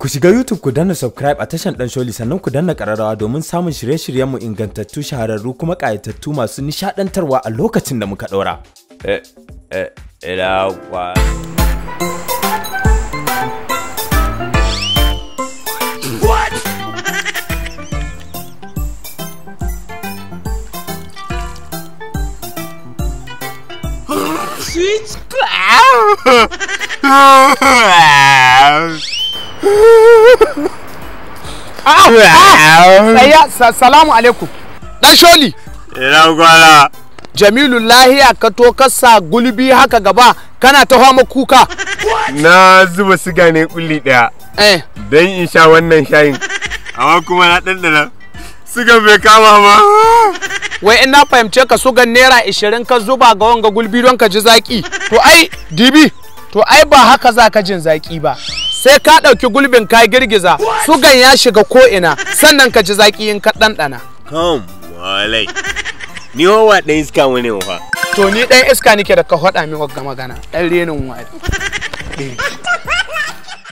Ku shiga YouTube ku danna subscribe a tashar Dan Sholi sannan ku danna ƙararrawa domin samun shirye-shiryenmu ingantattu shahararru kuma ƙayatattu masu nishaɗantarwa a lokacin da muka ɗora. Eh, eh salamu alaikum. Dan sholi. Ina gwara. Jamilu lahiya ka to ka sa gulbi haka gaba kana ta hama kuka. Na zuba siga ne kulli daya. Eh. Dan in sha wannan shayin. Amma kuma na dandana. Siga bai kama ba. Wai in na fahimce ka sugan naira 20 ka zuba ga wanga gulbi don ka ji zaki. To ai, dibi to ai ba haka za ka jin zaƙi ba sai ka ɗauki gulbin ka girgiza sugan ya shiga ko'ina sannan ka ji zaƙi in ka ɗanɗana. Kam, walai. Ni wa ɗan iska wani wa. To ni ɗan iska nike da ka haɗa min wagga magana ɗan renin wari.